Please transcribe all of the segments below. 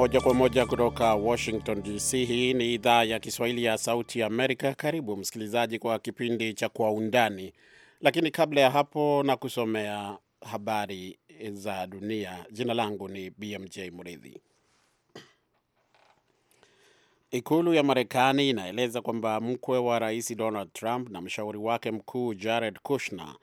moja kwa moja kutoka Washington DC. Hii ni idhaa ya Kiswahili ya Sauti ya Amerika. Karibu msikilizaji kwa kipindi cha Kwa Undani, lakini kabla ya hapo na kusomea habari za dunia. Jina langu ni BMJ Mridhi. Ikulu ya Marekani inaeleza kwamba mkwe wa rais Donald Trump na mshauri wake mkuu Jared Kushner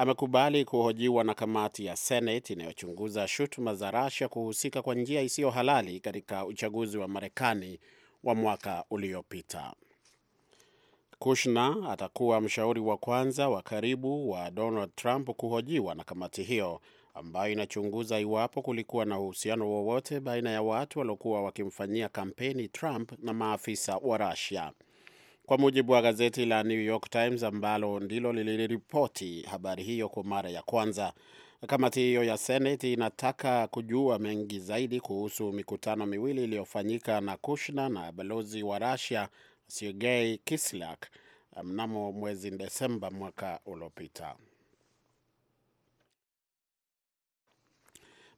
amekubali kuhojiwa na kamati ya Senate inayochunguza shutuma za Russia kuhusika kwa njia isiyo halali katika uchaguzi wa Marekani wa mwaka uliopita. Kushner atakuwa mshauri wa kwanza wa karibu wa Donald Trump kuhojiwa na kamati hiyo ambayo inachunguza iwapo kulikuwa na uhusiano wowote baina ya watu waliokuwa wakimfanyia kampeni Trump na maafisa wa Russia kwa mujibu wa gazeti la New York Times ambalo ndilo liliripoti habari hiyo kwa mara ya kwanza. Kamati hiyo ya Seneti inataka kujua mengi zaidi kuhusu mikutano miwili iliyofanyika na Kushna na balozi wa Russia Sergei Kislyak mnamo mwezi Desemba mwaka uliopita.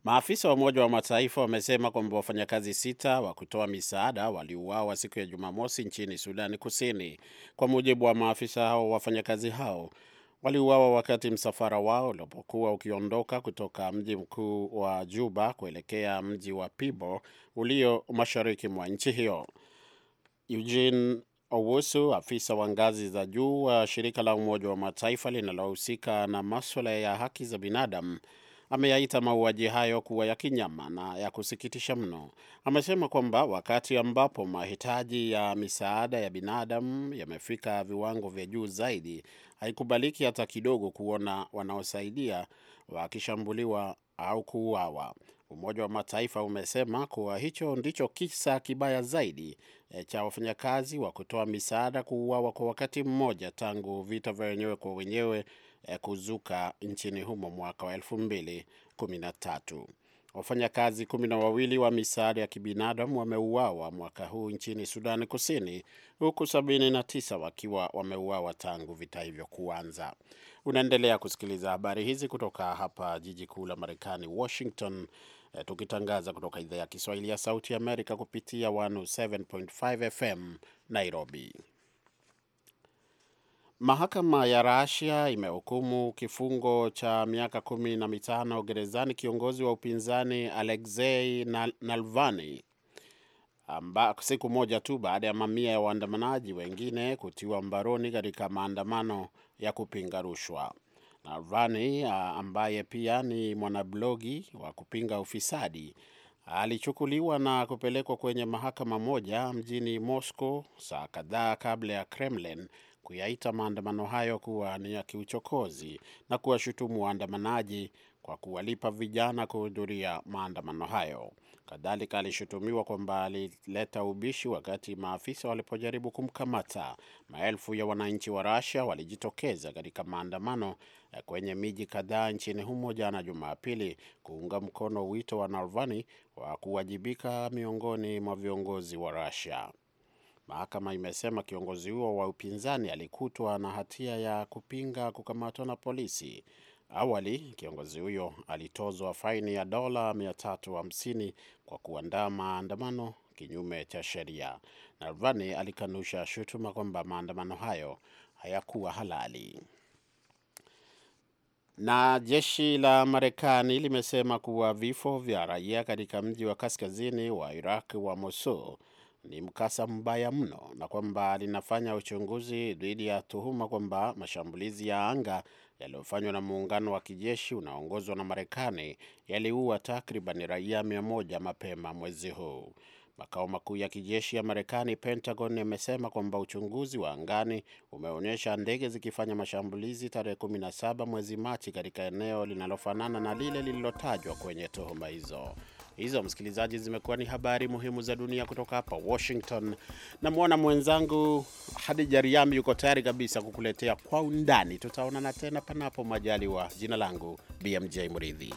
Maafisa wa Umoja wa Mataifa wamesema kwamba wafanyakazi sita wa kutoa misaada waliuawa siku ya Jumamosi nchini Sudani Kusini. Kwa mujibu wa maafisa hao, wafanyakazi hao waliuawa wakati msafara wao ulipokuwa ukiondoka kutoka mji mkuu wa Juba kuelekea mji wa Pibo ulio mashariki mwa nchi hiyo. Eugene Owusu, afisa wa ngazi za juu wa shirika la Umoja wa Mataifa linalohusika na maswala ya haki za binadamu ameyaita mauaji hayo kuwa ya kinyama na ya kusikitisha mno. Amesema kwamba wakati ambapo mahitaji ya misaada ya binadamu yamefika viwango vya juu zaidi, haikubaliki hata kidogo kuona wanaosaidia wakishambuliwa au kuuawa. Umoja wa Mataifa umesema kuwa hicho ndicho kisa kibaya zaidi e, cha wafanyakazi wa kutoa misaada kuuawa kwa wakati mmoja tangu vita vya wenyewe kwa wenyewe Eh, kuzuka nchini humo mwaka wa 2013. Wafanyakazi kumi na wawili wa misaada ya kibinadamu wameuawa mwaka huu nchini Sudani Kusini, huku 79 wakiwa wameuawa tangu vita hivyo kuanza. Unaendelea kusikiliza habari hizi kutoka hapa jiji kuu la Marekani, Washington, eh, tukitangaza kutoka idhaa ya Kiswahili ya Sauti Amerika kupitia 107.5 FM Nairobi. Mahakama ya Rasia imehukumu kifungo cha miaka kumi na mitano gerezani kiongozi wa upinzani Alexei Navalny amba, siku moja tu baada ya mamia ya waandamanaji wengine kutiwa mbaroni katika maandamano ya kupinga rushwa. Navalny ambaye pia ni mwanablogi wa kupinga ufisadi alichukuliwa na kupelekwa kwenye mahakama moja mjini Moscow saa kadhaa kabla ya Kremlin kuyaita maandamano hayo kuwa ni ya kiuchokozi na kuwashutumu waandamanaji kwa kuwalipa vijana kuhudhuria maandamano hayo. Kadhalika alishutumiwa kwamba alileta ubishi wakati maafisa walipojaribu kumkamata. Maelfu ya wananchi wa Russia walijitokeza katika maandamano eh, kwenye miji kadhaa nchini humo jana Jumapili kuunga mkono wito wa Navalny wa kuwajibika miongoni mwa viongozi wa Russia. Mahakama imesema kiongozi huo wa upinzani alikutwa na hatia ya kupinga kukamatwa na polisi. Awali kiongozi huyo alitozwa faini ya dola 350 kwa kuandaa maandamano kinyume cha sheria. narvani alikanusha shutuma kwamba maandamano hayo hayakuwa halali. Na jeshi la Marekani limesema kuwa vifo vya raia katika mji wa kaskazini wa Iraq wa Mosul ni mkasa mbaya mno na kwamba linafanya uchunguzi dhidi ya tuhuma kwamba mashambulizi ya anga yaliyofanywa na muungano wa kijeshi unaoongozwa na Marekani yaliua takriban raia mia moja mapema mwezi huu. Makao makuu ya kijeshi ya Marekani, Pentagon, yamesema kwamba uchunguzi wa angani umeonyesha ndege zikifanya mashambulizi tarehe 17 mwezi Machi katika eneo linalofanana na lile lililotajwa kwenye tuhuma hizo. Hizo msikilizaji, zimekuwa ni habari muhimu za dunia kutoka hapa Washington. Namwona mwenzangu Hadija Riami yuko tayari kabisa kukuletea kwa undani. Tutaonana tena panapo majaliwa. Jina langu BMJ Mridhi.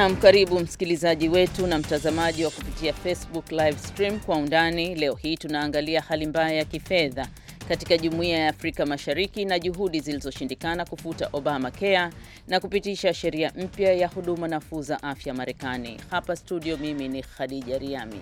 Naam, karibu msikilizaji wetu na mtazamaji wa kupitia Facebook live stream. Kwa undani leo hii tunaangalia hali mbaya ya kifedha katika jumuiya ya Afrika Mashariki na juhudi zilizoshindikana kufuta Obamacare na kupitisha sheria mpya ya huduma nafuu za afya Marekani. Hapa studio, mimi ni Khadija Riami.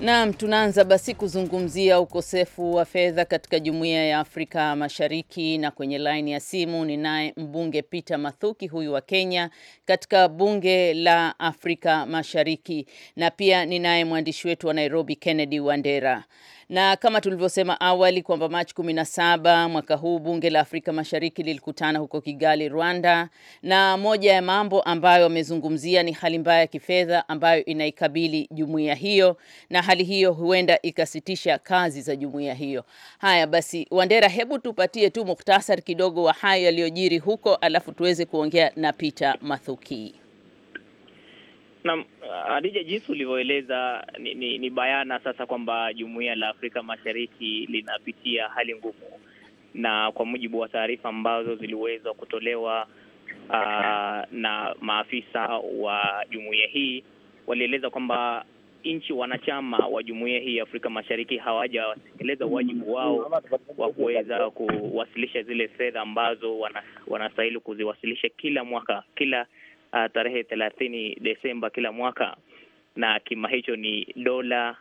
Naam, tunaanza basi kuzungumzia ukosefu wa fedha katika Jumuiya ya Afrika Mashariki, na kwenye laini ya simu ni naye mbunge Peter Mathuki, huyu wa Kenya, katika bunge la Afrika Mashariki, na pia ni naye mwandishi wetu wa Nairobi Kennedy Wandera. Na kama tulivyosema awali kwamba Machi 17 mwaka huu bunge la Afrika Mashariki lilikutana huko Kigali, Rwanda, na moja ya mambo ambayo wamezungumzia ni hali mbaya ya kifedha ambayo inaikabili jumuiya hiyo, na hali hiyo huenda ikasitisha kazi za jumuiya hiyo. Haya basi, Wandera, hebu tupatie tu muhtasari kidogo wa hayo yaliyojiri huko, alafu tuweze kuongea na Peter Mathuki adija Hadija, jinsi ulivyoeleza ni, ni, ni bayana sasa kwamba jumuiya la Afrika Mashariki linapitia hali ngumu, na kwa mujibu wa taarifa ambazo ziliweza kutolewa uh, na maafisa wa jumuiya hii walieleza kwamba nchi wanachama wa jumuiya hii ya Afrika Mashariki hawajatekeleza wajibu wao wa kuweza kuwasilisha zile fedha ambazo wanastahili kuziwasilisha kila mwaka, kila uh, tarehe thelathini Desemba kila mwaka, na kima hicho ni dola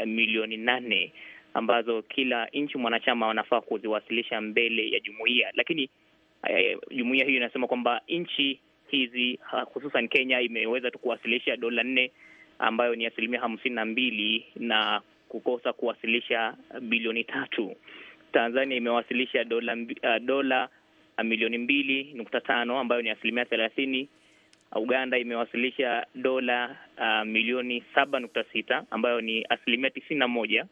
uh, milioni nane ambazo kila nchi mwanachama wanafaa kuziwasilisha mbele ya jumuiya, lakini uh, jumuiya hiyo inasema kwamba nchi hizi uh, hususan Kenya imeweza tu kuwasilisha dola nne ambayo ni asilimia hamsini na mbili na kukosa kuwasilisha bilioni tatu. Tanzania imewasilisha dola uh, dola milioni mbili nukta tano ambayo ni asilimia thelathini Uganda imewasilisha dola uh, milioni saba nukta sita ambayo ni asilimia tisini na moja.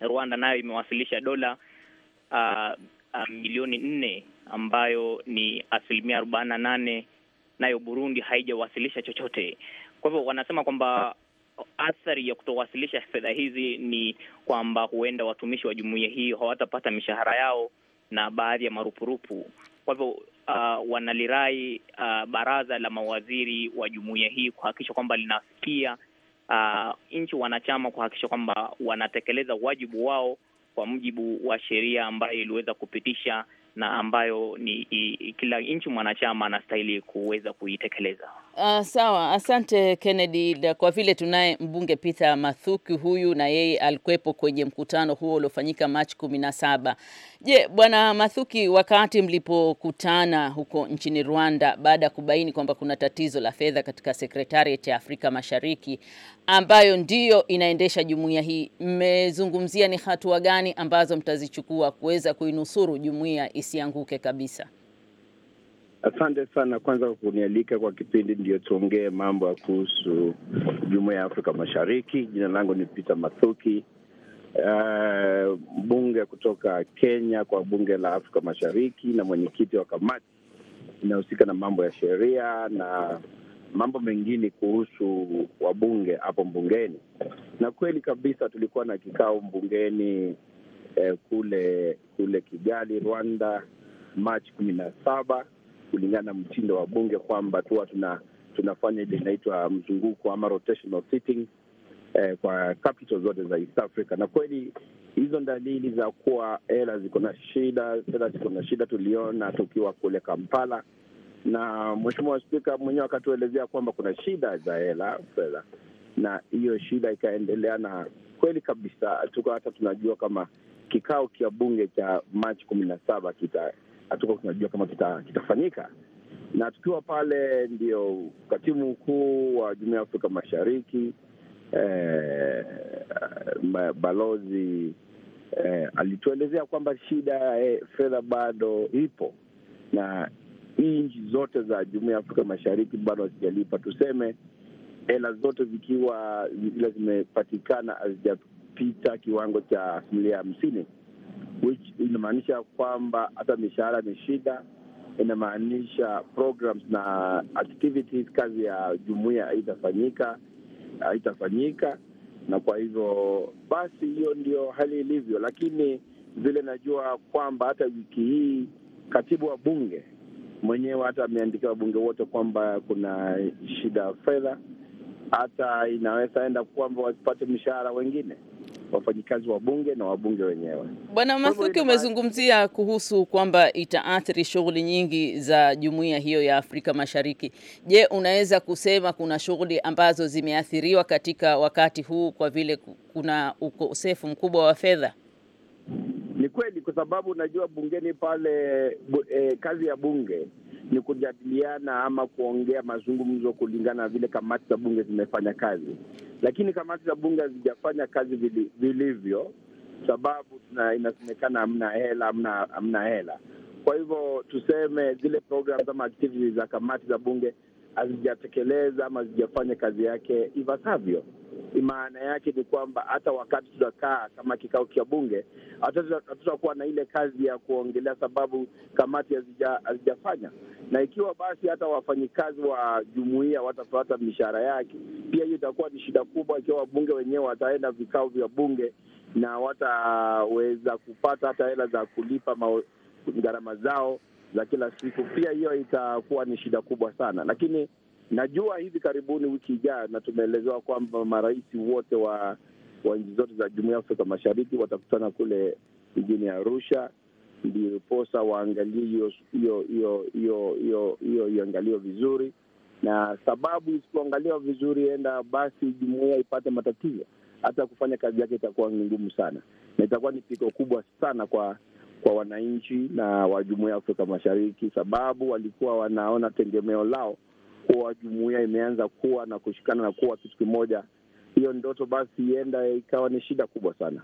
Rwanda nayo imewasilisha dola uh, uh, milioni nne ambayo ni asilimia arobaini na nane, nayo Burundi haijawasilisha chochote. Kwa hivyo wanasema kwamba athari ya kutowasilisha fedha hizi ni kwamba huenda watumishi wa jumuiya hii hawatapata mishahara yao na baadhi ya marupurupu. Kwa hivyo uh, wanalirai uh, baraza la mawaziri wa jumuiya hii kuhakikisha kwamba linafikia uh, nchi wanachama kuhakikisha kwamba wanatekeleza wajibu wao kwa mujibu wa sheria ambayo iliweza kupitisha na ambayo ni i, kila nchi mwanachama anastahili kuweza kuitekeleza. Uh, sawa, asante Kennedy. Kwa vile tunaye mbunge Peter Mathuki, huyu na yeye alikuwepo kwenye mkutano huo uliofanyika Machi kumi na saba. Je, bwana Mathuki, wakati mlipokutana huko nchini Rwanda baada ya kubaini kwamba kuna tatizo la fedha katika Secretariat ya Afrika Mashariki ambayo ndiyo inaendesha jumuiya hii, mmezungumzia ni hatua gani ambazo mtazichukua kuweza kuinusuru jumuiya isianguke kabisa? Asante sana kwanza kwa kunialika kwa kipindi, ndio tuongee mambo ya kuhusu jumuiya ya Afrika Mashariki. Jina langu ni Peter Mathuki, uh, eh, bunge kutoka Kenya kwa bunge la Afrika Mashariki na mwenyekiti wa kamati inahusika na mambo ya sheria na mambo mengine kuhusu wabunge hapo mbungeni. Na kweli kabisa tulikuwa na kikao mbungeni eh, kule kule Kigali, Rwanda, Machi kumi na saba kulingana na mtindo wa bunge kwamba tuwa tuna tunafanya ile inaitwa mzunguko ama rotational sitting eh, kwa capital zote za East Africa. Na kweli hizo dalili za kuwa hela ziko na shida, hela ziko na shida tuliona tukiwa kule Kampala, na mheshimiwa Spika mwenyewe akatuelezea kwamba kuna shida za hela fedha, na hiyo shida ikaendelea, na kweli kabisa tuko hata tunajua kama kikao kia bunge cha Machi kumi na saba kita hatukuwa tunajua kama kita, kitafanyika. Na tukiwa pale, ndio katibu mkuu wa jumuia ya Afrika Mashariki eh, balozi eh, alituelezea kwamba shida ya eh, fedha bado ipo na hii nchi zote za jumuia ya Afrika Mashariki bado hazijalipa, tuseme hela zote zikiwa zile zimepatikana hazijapita kiwango cha asilimia hamsini which inamaanisha kwamba hata mishahara ni shida, inamaanisha programs na activities, kazi ya jumuia haitafanyika haitafanyika, na kwa hivyo basi, hiyo ndio hali ilivyo, lakini vile najua kwamba hata wiki hii katibu wa bunge mwenyewe hata ameandikia wabunge wote kwamba kuna shida ya fedha, hata inaweza enda kwamba wasipate mishahara wengine wafanyikazi wa bunge na wabunge wenyewe. Bwana Masuki, umezungumzia kuhusu kwamba itaathiri shughuli nyingi za jumuiya hiyo ya Afrika Mashariki. Je, unaweza kusema kuna shughuli ambazo zimeathiriwa katika wakati huu kwa vile kuna ukosefu mkubwa wa fedha? Ni kweli, kwa sababu najua bungeni pale bu, eh, kazi ya bunge ni kujadiliana ama kuongea mazungumzo kulingana na vile kamati za bunge zimefanya kazi, lakini kamati za bunge hazijafanya kazi vilivyo, sababu inasemekana hamna hela, hamna hela. Kwa hivyo tuseme zile programu ama activities za kamati za bunge hazijatekeleza ama hazijafanya kazi yake ipasavyo. Maana yake ni kwamba hata wakati tutakaa kama kikao cha bunge, hatutakuwa na ile kazi ya kuongelea sababu kamati hazijafanya. Na ikiwa basi hata wafanyikazi wa jumuia watapata mishahara yake, pia hiyo itakuwa ni shida kubwa, ikiwa wabunge wenyewe wataenda vikao vya bunge na wataweza kupata hata hela za kulipa gharama zao za kila siku, pia hiyo itakuwa ni shida kubwa sana. Lakini najua hivi karibuni, wiki ijayo, na tumeelezewa kwamba marais wote wa wa nchi zote za Jumuiya ya Afrika Mashariki watakutana kule mjini Arusha, ndiposa waangalie hiyo iangaliwe vizuri, na sababu isipoangaliwa vizuri, enda basi jumuiya ipate matatizo, hata kufanya kazi yake itakuwa ni ngumu sana, na itakuwa ni pigo kubwa sana kwa kwa wananchi na wa jumuia ya Afrika Mashariki, sababu walikuwa wanaona tegemeo lao kuwa jumuia imeanza kuwa na kushikana na kuwa kitu kimoja. Hiyo ndoto basi ienda ikawa ni shida kubwa sana.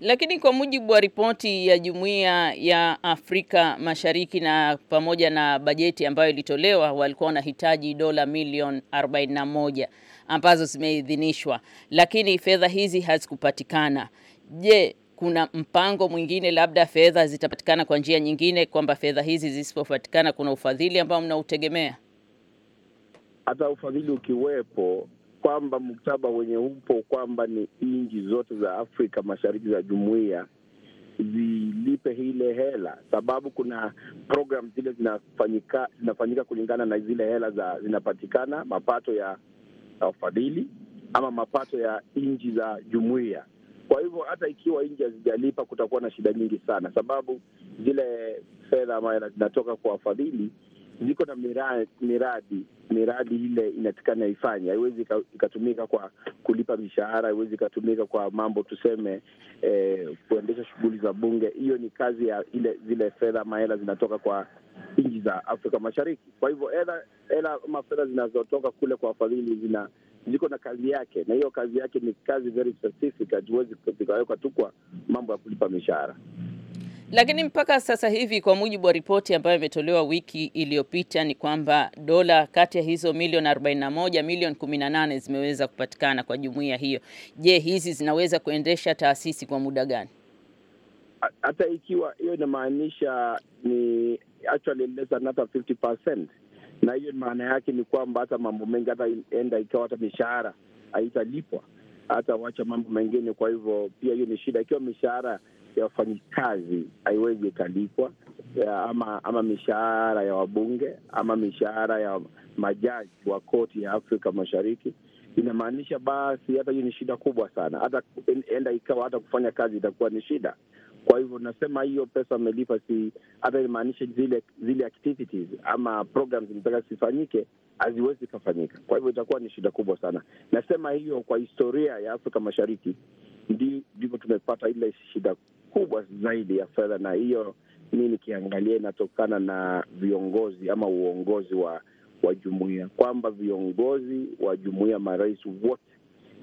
Lakini kwa mujibu wa ripoti ya jumuia ya Afrika Mashariki na pamoja na bajeti ambayo ilitolewa, walikuwa wanahitaji dola milioni 41 ambazo zimeidhinishwa, lakini fedha hizi hazikupatikana. Je, kuna mpango mwingine, labda fedha zitapatikana kwa njia nyingine, kwamba fedha hizi zisipopatikana, kuna ufadhili ambao mnautegemea? Hata ufadhili ukiwepo, kwamba mkataba wenye upo kwamba ni nchi zote za Afrika Mashariki za jumuiya zilipe ile hela, sababu kuna program zile zinafanyika zinafanyika kulingana na zile hela za zinapatikana mapato ya ufadhili ama mapato ya nchi za jumuiya. Kwa hivyo hata ikiwa nji hazijalipa kutakuwa na shida nyingi sana, sababu zile fedha ambayo zinatoka kwa wafadhili ziko na miradi miradi miradi ile inatikana ifanye. Haiwezi ikatumika kwa kulipa mishahara, haiwezi ikatumika kwa mambo tuseme, eh, kuendesha shughuli za bunge. Hiyo ni kazi ya ile zile fedha ama hela zinatoka kwa nchi za Afrika Mashariki. Kwa hivyo hela ama fedha zinazotoka kule kwa wafadhili zina ziko na kazi yake, na hiyo kazi yake ni kazi very specific, hatuwezi zikawekwa tu kwa mambo ya kulipa mishahara. Lakini mpaka sasa hivi kwa mujibu wa ripoti ambayo imetolewa wiki iliyopita ni kwamba dola kati ya hizo milioni 41 milioni 18 zimeweza kupatikana kwa jumuiya hiyo. Je, hizi zinaweza kuendesha taasisi kwa muda gani? Hata ikiwa hiyo inamaanisha ni actually less than 50% na hiyo maana yake ni kwamba hata mambo mengi hata enda ikawa hata mishahara haitalipwa, hata wacha mambo mengine. Kwa hivyo pia hiyo ni shida, ikiwa mishahara ya wafanyikazi haiwezi ikalipwa ama ama mishahara ya wabunge ama mishahara ya majaji wa koti ya Afrika Mashariki, inamaanisha basi hata hiyo ni shida kubwa sana, hata enda ikawa hata kufanya kazi itakuwa ni shida. Kwa hivyo nasema hiyo pesa amelipa, si hata imaanishe zile zile activities ama programs mpaka zifanyike haziwezi kafanyika. Kwa hivyo itakuwa ni shida kubwa sana. Nasema hiyo kwa historia ya Afrika Mashariki ndivyo tumepata ile shida kubwa zaidi ya fedha, na hiyo mi nikiangalia inatokana na viongozi ama uongozi wa wa jumuia, kwamba viongozi wa jumuia, marais wote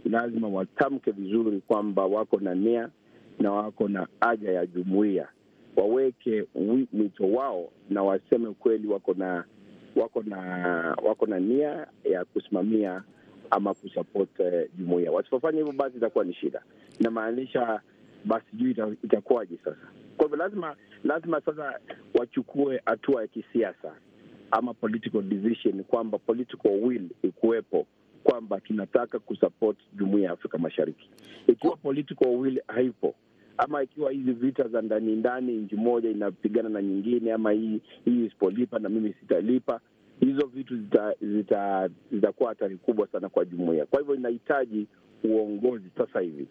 lazima watamke vizuri kwamba wako na nia na wako na haja ya jumuia waweke wito wao na waseme kweli wako na wako na wako na nia ya kusimamia ama kusupport eh, jumuia Wasipofanya hivyo, basi itakuwa ni shida, inamaanisha basi juu itakuwaje sasa. Kwa hivyo lazima lazima sasa wachukue hatua ya kisiasa ama political decision, kwamba political will ikuwepo kwamba tunataka kusupport jumuia ya Afrika Mashariki. Ikiwa political will haipo, ama ikiwa hizi vita za ndani ndani, nchi moja inapigana na nyingine, ama hii hii isipolipa na mimi sitalipa, hizo vitu zitakuwa zita, zita hatari kubwa sana kwa jumuia. Kwa hivyo inahitaji uongozi sasa hivi.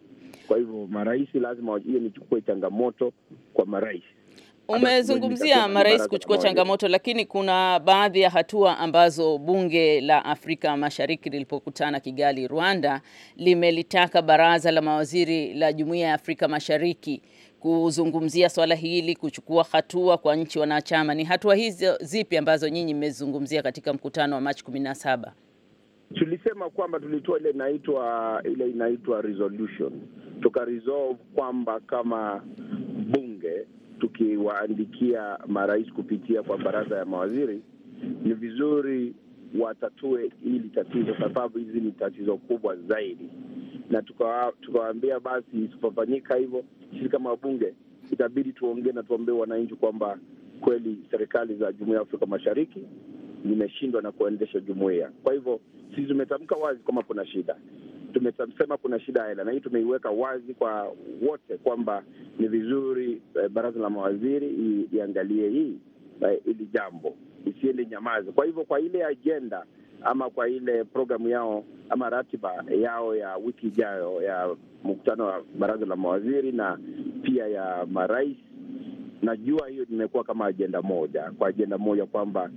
Kwa hivyo marahisi lazima, hiyo nichukue changamoto kwa marais Umezungumzia marais kuchukua changamoto, lakini kuna baadhi ya hatua ambazo bunge la Afrika Mashariki lilipokutana Kigali, Rwanda, limelitaka baraza la mawaziri la Jumuiya ya Afrika Mashariki kuzungumzia swala hili, kuchukua hatua kwa nchi wanachama. Ni hatua hizo zipi ambazo nyinyi mmezungumzia katika mkutano wa Machi 17? Tulisema kwamba tulitoa ile inaitwa ile inaitwa resolution resolve kwamba kama tukiwaandikia marais kupitia kwa baraza ya mawaziri, ni vizuri watatue hili tatizo, kwa sababu hizi ni tatizo kubwa zaidi, na tukawaambia basi, isipofanyika hivyo, sisi kama wabunge itabidi tuongee na tuambie wananchi kwamba kweli serikali za jumuiya ya Afrika Mashariki zimeshindwa na kuendesha jumuiya. Kwa hivyo sisi tumetamka wazi kwamba kuna shida, tumesema kuna shida ya hela, na hii tumeiweka wazi kwa wote kwamba ni vizuri eh, baraza la mawaziri iangalie hii eh, hili jambo, isiende nyamazi. Kwa hivyo kwa ile ajenda ama kwa ile programu yao ama ratiba yao ya wiki ijayo ya mkutano wa baraza la mawaziri na pia ya marais, najua hiyo imekuwa kama ajenda moja kwa ajenda moja kwamba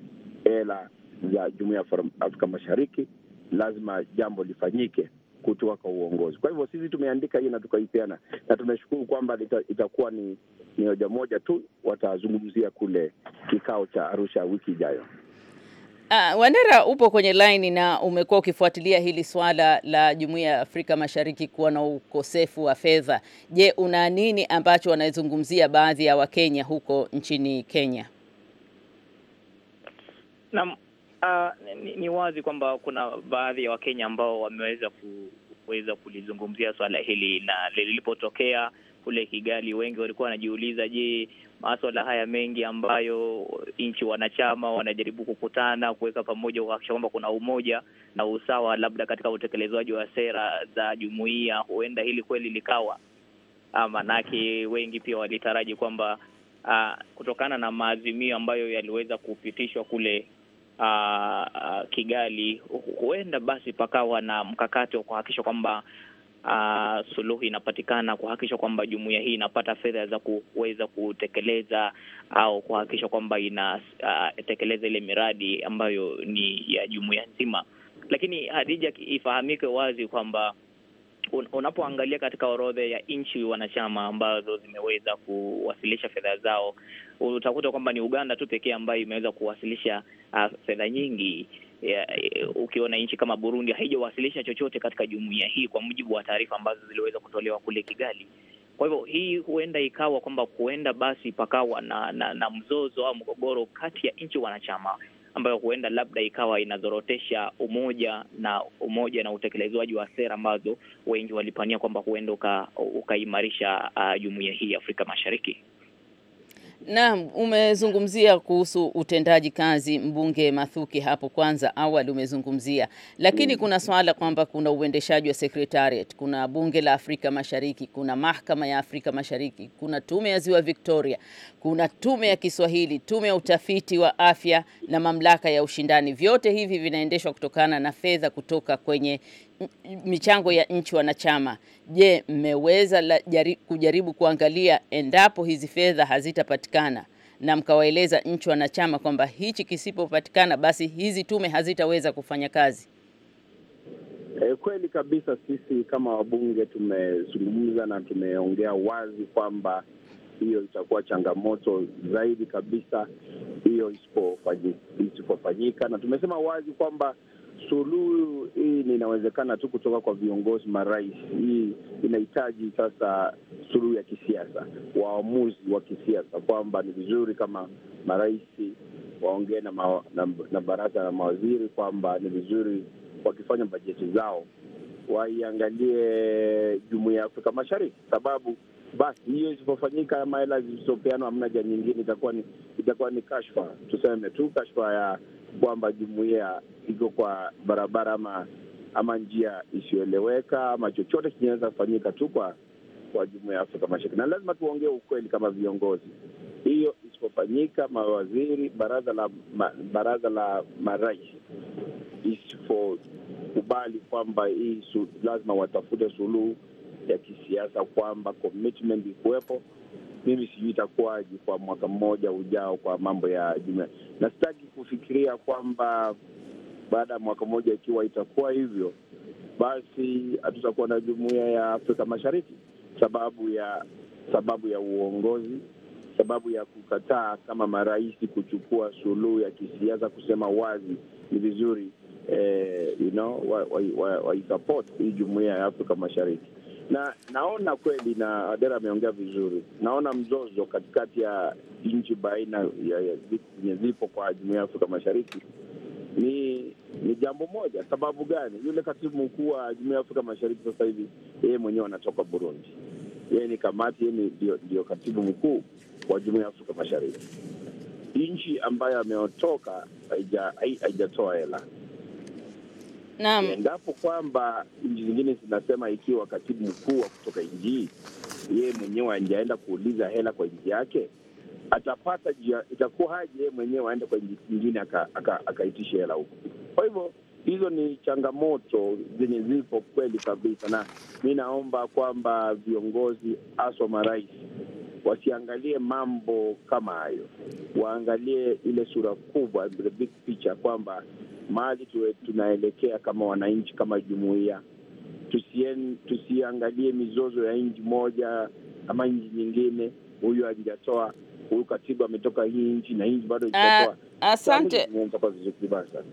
hela za jumuiya ya Afrika Mashariki lazima jambo lifanyike kutoa kwa uongozi. Kwa hivyo sisi tumeandika hiyo na tukaipeana, na tumeshukuru kwamba itakuwa ni, ni hoja moja tu watazungumzia kule kikao cha Arusha wiki ijayo. Ah, Wandera upo kwenye laini na umekuwa ukifuatilia hili swala la Jumuiya ya Afrika Mashariki kuwa na ukosefu wa fedha. Je, una nini ambacho wanazungumzia baadhi ya Wakenya huko nchini Kenya? Naam, Uh, ni, ni wazi kwamba kuna baadhi ya Wakenya ambao wameweza kuweza kulizungumzia swala hili na lilipotokea kule Kigali, wengi walikuwa wanajiuliza, je, maswala haya mengi ambayo nchi wanachama wanajaribu kukutana kuweka pamoja kuhakikisha kwamba kuna umoja na usawa, labda katika utekelezaji wa sera za jumuiya, huenda hili kweli likawa ah, maanake. Wengi pia walitaraji kwamba uh, kutokana na maazimio ambayo yaliweza kupitishwa kule Uh, uh, Kigali, huenda basi pakawa na mkakati wa kuhakikisha kwamba uh, suluhu inapatikana, kuhakikisha kwamba jumuiya hii inapata fedha za kuweza kutekeleza au kuhakikisha kwamba inatekeleza uh, ile miradi ambayo ni ya jumuiya nzima. Lakini Hadija, ifahamike wazi kwamba unapoangalia katika orodha ya nchi wanachama ambazo zimeweza kuwasilisha fedha zao, utakuta kwamba ni Uganda tu pekee ambayo imeweza kuwasilisha uh, fedha nyingi. Ukiona nchi kama Burundi haijawasilisha chochote katika jumuiya hii, kwa mujibu wa taarifa ambazo ziliweza kutolewa kule Kigali. Kwa hivyo hii huenda ikawa kwamba huenda basi pakawa na, na, na mzozo au mgogoro kati ya nchi wanachama ambayo huenda labda ikawa inazorotesha umoja na umoja na utekelezwaji wa sera ambazo wengi walipania kwamba huenda ukaimarisha uka uh, jumuiya hii ya Afrika Mashariki. Naam, umezungumzia kuhusu utendaji kazi mbunge Mathuki hapo kwanza awali umezungumzia, lakini mm, kuna swala kwamba kuna uendeshaji wa secretariat, kuna bunge la Afrika Mashariki, kuna mahakama ya Afrika Mashariki, kuna tume ya Ziwa Victoria, kuna tume ya Kiswahili, tume ya utafiti wa afya na mamlaka ya ushindani. Vyote hivi vinaendeshwa kutokana na fedha kutoka kwenye michango ya nchi wanachama. Je, mmeweza kujaribu kuangalia endapo hizi fedha hazitapatikana na mkawaeleza nchi wanachama kwamba hichi kisipopatikana basi hizi tume hazitaweza kufanya kazi? E, kweli kabisa. Sisi kama wabunge tumezungumza na tumeongea wazi kwamba hiyo itakuwa changamoto zaidi kabisa hiyo isipofanyika, na tumesema wazi kwamba suluhu hii inawezekana tu kutoka kwa viongozi marais. Hii inahitaji sasa suluhu ya kisiasa, waamuzi wa kisiasa, kwamba ni vizuri kama marais waongee na, ma, na, na baraza la mawaziri kwamba ni vizuri wakifanya bajeti zao waiangalie jumuiya ya Afrika Mashariki, sababu basi hiyo isipofanyika ama hela zisizopeanwa hamna ja nyingine, itakuwa ni itakuwa ni kashfa, tuseme tu kashfa ya kwamba jumuia iko kwa barabara ama ama njia isiyoeleweka ama chochote kinaweza kufanyika tu kwa kwa jumuia ya Afrika Mashariki, na lazima tuongee ukweli kama viongozi. Hiyo isipofanyika, mawaziri, baraza la ma, baraza la marais isipokubali kwamba hii su, lazima watafute suluhu ya kisiasa kwamba commitment ikuwepo mimi sijui itakuwaje kwa mwaka mmoja ujao kwa mambo ya jumuia na sitaki kufikiria kwamba baada ya mwaka mmoja ikiwa itakuwa hivyo, basi hatutakuwa na jumuia ya Afrika Mashariki sababu ya sababu ya uongozi, sababu ya kukataa kama marais kuchukua suluhu ya kisiasa, kusema wazi ni vizuri eh, you know, waisupport wa, wa hii jumuia ya Afrika Mashariki na naona kweli, na Adera ameongea vizuri, naona mzozo katikati ya nchi baina ya zenye zipo kwa jumuiya ya Afrika Mashariki ni ni jambo moja. Sababu gani? Yule katibu mkuu wa jumuiya ya Afrika Mashariki sasa hivi yeye mwenyewe anatoka Burundi, yeye ni kamati, yeye ndio katibu mkuu wa jumuiya ya Afrika Mashariki. Nchi ambayo ameotoka haijatoa hela Naam. Endapo kwamba nchi zingine zinasema ikiwa katibu mkuu wa kutoka nchi hii yeye mwenyewe anjaenda kuuliza hela kwa nchi yake atapata jia, haje yeye mwenyewe aende kwa nchi nyingine akaitishe hela huko? Kwa hivyo hizo ni changamoto zenye zipo kweli kabisa, na mi naomba kwamba viongozi haswa marais wasiangalie mambo kama hayo, waangalie ile sura kubwa, the big picture, kwamba mahali tuwe tunaelekea kama wananchi, kama jumuiya. tusiangalie mizozo ya nchi moja ama nchi nyingine, huyu hajatoa huyu katibu ametoka hii nchi na nchi bado ijatoa. Ah, asante,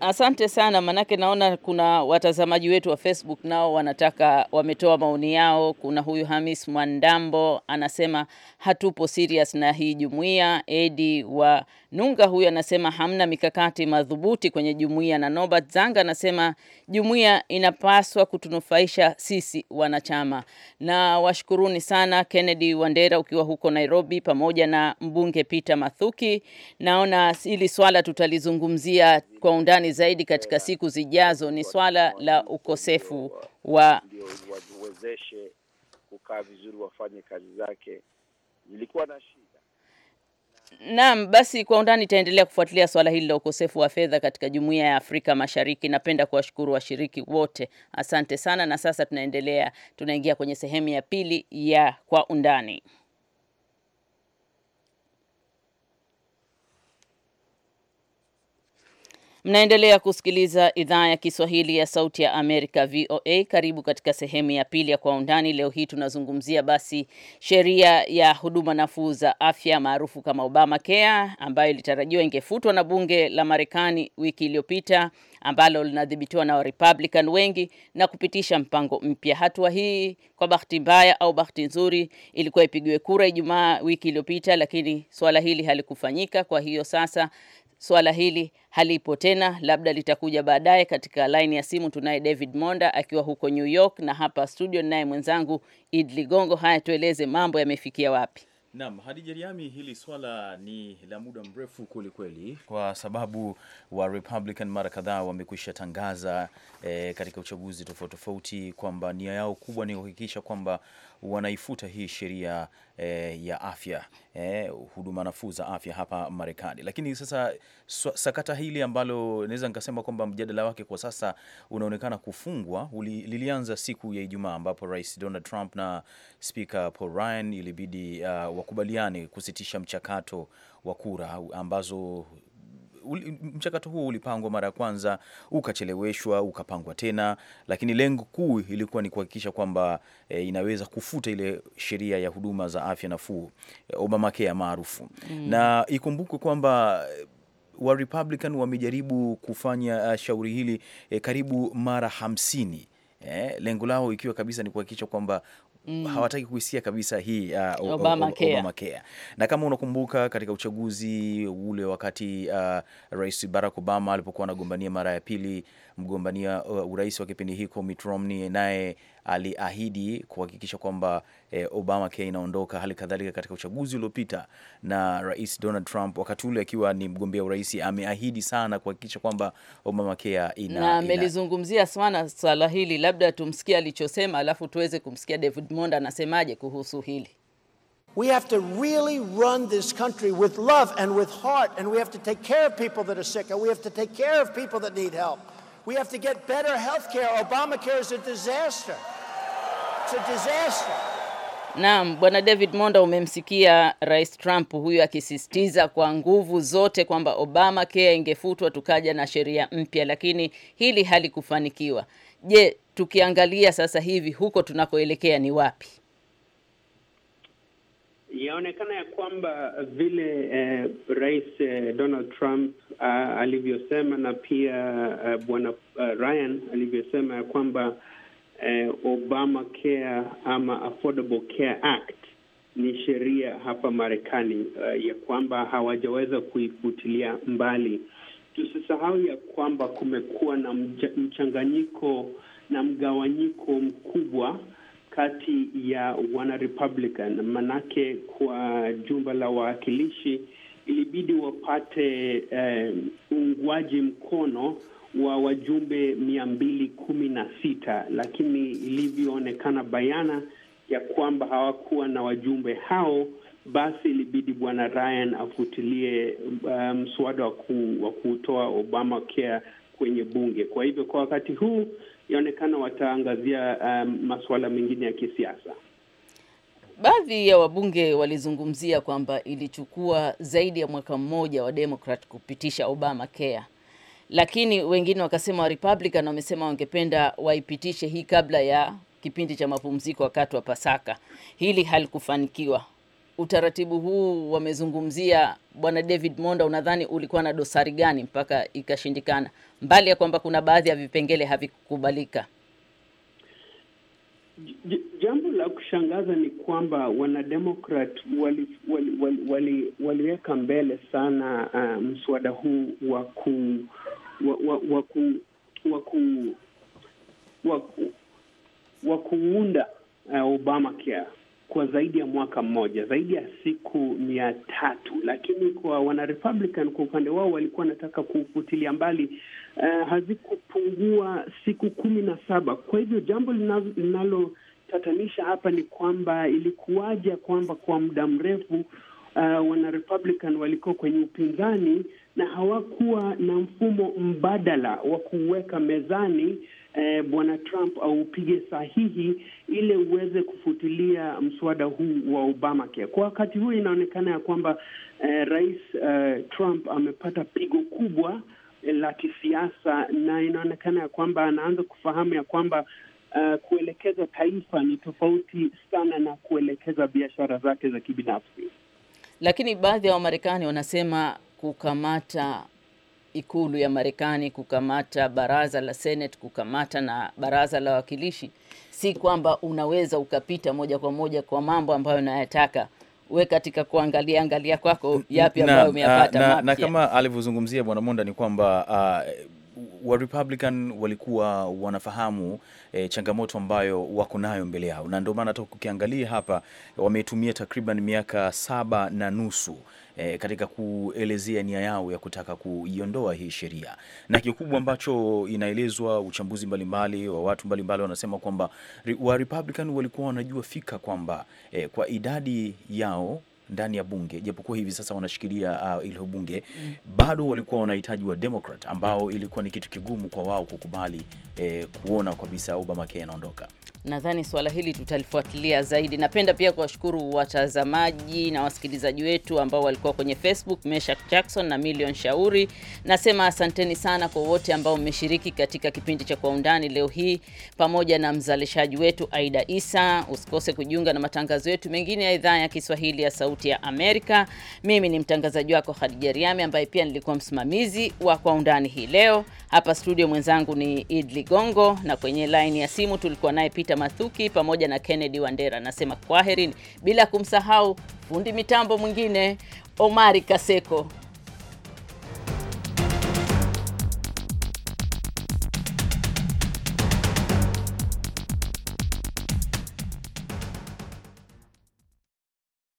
asante sana, manake naona kuna watazamaji wetu wa Facebook nao wanataka wametoa maoni yao. Kuna huyu Hamis Mwandambo anasema hatupo serious na hii jumuiya. Edi wa Nunga huyo anasema hamna mikakati madhubuti kwenye jumuiya, na Norbert Zanga anasema jumuiya inapaswa kutunufaisha sisi wanachama. Na washukuruni sana Kennedy Wandera ukiwa huko Nairobi, pamoja na mbunge Peter Mathuki. Naona hili swala tutalizungumzia kwa undani zaidi katika siku zijazo. Ni swala la ukosefu wa wajiwezeshe kukaa vizuri, wafanye kazi zake. Nilikuwa na shi Naam, basi kwa undani itaendelea kufuatilia swala hili la ukosefu wa fedha katika Jumuiya ya Afrika Mashariki. Napenda kuwashukuru washiriki wote, asante sana. Na sasa tunaendelea, tunaingia kwenye sehemu ya pili ya kwa undani. Mnaendelea kusikiliza idhaa ya Kiswahili ya Sauti ya Amerika, VOA. Karibu katika sehemu ya pili ya Kwa Undani. Leo hii tunazungumzia basi sheria ya huduma nafuu za afya maarufu kama Obamacare, ambayo ilitarajiwa ingefutwa na bunge la Marekani wiki iliyopita, ambalo linadhibitiwa na Warepublican wengi na kupitisha mpango mpya. Hatua hii kwa bahati mbaya au bahati nzuri, ilikuwa ipigiwe kura Ijumaa wiki iliyopita, lakini suala hili halikufanyika. Kwa hiyo sasa Swala hili halipo tena, labda litakuja baadaye. Katika laini ya simu tunaye David Monda akiwa huko New York, na hapa studio ninaye mwenzangu Id Ligongo. Haya, tueleze mambo yamefikia wapi? Naam, Hadija Riami, hili swala ni la muda mrefu kwelikweli, kwa sababu wa Republican mara kadhaa wamekwisha tangaza e, katika uchaguzi tofauti tofauti kwamba nia yao kubwa ni kuhakikisha kwamba wanaifuta hii sheria e, ya afya e, huduma nafuu za afya hapa Marekani. Lakini sasa sakata hili ambalo naweza nikasema kwamba mjadala wake kwa sasa unaonekana kufungwa lilianza siku ya Ijumaa ambapo Rais Donald Trump na Spika Paul Ryan ilibidi uh, wakubaliane kusitisha mchakato wa kura ambazo mchakato huo ulipangwa mara ya kwanza ukacheleweshwa, ukapangwa tena, lakini lengo kuu ilikuwa ni kuhakikisha kwamba e, inaweza kufuta ile sheria ya huduma za afya nafuu eh, Obamacare maarufu mm. na ikumbukwe kwamba eh, wa Republican wamejaribu kufanya uh, shauri hili e, karibu mara hamsini. Eh, lengo lao ikiwa kabisa ni kuhakikisha kwamba mm. hawataki kuisikia kabisa hii uh, Obama, Obama care. Na kama unakumbuka katika uchaguzi ule wakati uh, Rais Barack Obama alipokuwa anagombania mara ya pili mgombania uh, urais wa kipindi hiko Mitt Romney naye aliahidi kuhakikisha kwamba e, Obama Obamacare inaondoka, hali kadhalika katika uchaguzi uliopita na Rais Donald Trump wakati ule akiwa ni mgombea urais ameahidi sana kuhakikisha kwamba Obama Obamacare ina, na amelizungumzia sana swala hili, labda tumsikie alichosema, alafu tuweze kumsikia David Monda anasemaje kuhusu hili. We have to really run this country with love and with heart, and we have to take care of people that are sick, and we have to take care of people that need help. We have to get better health care. Obamacare is a disaster. Naam, Bwana David Monda, umemsikia Rais Trump huyu akisisitiza kwa nguvu zote kwamba Obama care ingefutwa tukaja na sheria mpya, lakini hili halikufanikiwa. Je, tukiangalia sasa hivi huko tunakoelekea ni wapi? Yaonekana ya kwamba vile eh, Rais eh, Donald Trump ah, alivyosema na pia ah, Bwana ah, Ryan alivyosema ya kwamba eh, Obama Care ama Affordable Care Act ni sheria hapa Marekani eh, ya kwamba hawajaweza kuifutilia mbali. Tusisahau ya kwamba kumekuwa na mchanganyiko na mgawanyiko mkubwa kati ya wana Republican, manake kwa jumba la wawakilishi ilibidi wapate eh, uungwaji mkono wa wajumbe mia mbili kumi na sita lakini ilivyoonekana bayana ya kwamba hawakuwa na wajumbe hao, basi ilibidi bwana Ryan afutilie um, mswada um, wa obama kea kwenye bunge. Kwa hivyo kwa wakati huu yaonekana wataangazia um, masuala mengine ya kisiasa. Baadhi ya wabunge walizungumzia kwamba ilichukua zaidi ya mwaka mmoja wa demokrat kupitisha obama kea lakini wengine wakasema wa Republican wamesema wangependa waipitishe hii kabla ya kipindi cha mapumziko wakati wa Pasaka. Hili halikufanikiwa. Utaratibu huu wamezungumzia Bwana David Monda, unadhani ulikuwa na dosari gani mpaka ikashindikana, mbali ya kwamba kuna baadhi ya vipengele havikukubalika? Jambo la kushangaza ni kwamba wanademokrat waliweka wali, wali, wali, wali mbele sana uh, mswada huu wa ku wa kuunda uh, Obamacare kwa zaidi ya mwaka mmoja, zaidi ya siku mia tatu. Lakini kwa wana kwa upande wao walikuwa wanataka kufutilia mbali uh, hazikupungua siku kumi na saba. Kwa hivyo jambo linalotatanisha hapa ni kwamba ilikuwaja kwamba kwa muda mrefu Uh, eh, wanarepublican walikuwa kwenye upinzani na hawakuwa na mfumo mbadala wa kuweka mezani eh, bwana Trump aupige sahihi ili uweze kufutilia mswada huu wa Obamacare. Kwa wakati huu inaonekana ya kwamba eh, rais eh, Trump amepata pigo kubwa eh, la kisiasa, na inaonekana ya kwamba anaanza kufahamu ya kwamba Uh, kuelekeza taifa ni tofauti sana na kuelekeza biashara zake za kibinafsi. Lakini baadhi ya Wamarekani wanasema kukamata ikulu ya Marekani kukamata baraza la Senate, kukamata na baraza la wawakilishi, si kwamba unaweza ukapita moja kwa moja kwa mambo ambayo unayataka we katika kuangalia angalia kwako yapi ambayo umeyapata na, na, na kama alivyozungumzia Bwana Monda ni kwamba uh, wa Republican walikuwa wanafahamu e, changamoto ambayo wako nayo mbele yao, na ndio maana hata ukiangalia hapa wametumia takriban miaka saba na nusu e, katika kuelezea nia yao ya kutaka kuiondoa hii sheria, na kikubwa ambacho inaelezwa, uchambuzi mbalimbali wa watu mbalimbali wanasema kwamba wa Republican walikuwa wanajua fika kwamba e, kwa idadi yao ndani ya bunge japokuwa hivi sasa wanashikilia uh, ile bunge mm. Bado walikuwa wanahitaji wa Democrat ambao ilikuwa ni kitu kigumu kwa wao kukubali eh, kuona kabisa Obamacare anaondoka nadhani swala hili tutalifuatilia zaidi. Napenda pia kuwashukuru watazamaji na wasikilizaji wetu ambao walikuwa kwenye Facebook, Meshak Jackson na Million Shauri. Nasema asanteni sana kwa wote ambao mmeshiriki katika kipindi cha Kwa Undani leo hii, pamoja na mzalishaji wetu Aida Isa. Usikose kujiunga na matangazo yetu mengine ya idhaa ya Kiswahili ya Sauti ya Amerika. Mimi ni mtangazaji wako Khadija Riami, ambaye pia nilikuwa msimamizi wa Kwa Undani hii leo. Hapa studio mwenzangu ni Idli Gongo, na kwenye laini ya simu tulikuwa naye Peter Peter Mathuki pamoja na Kennedy Wandera. Nasema kwaherini, bila kumsahau fundi mitambo mwingine Omari Kaseko.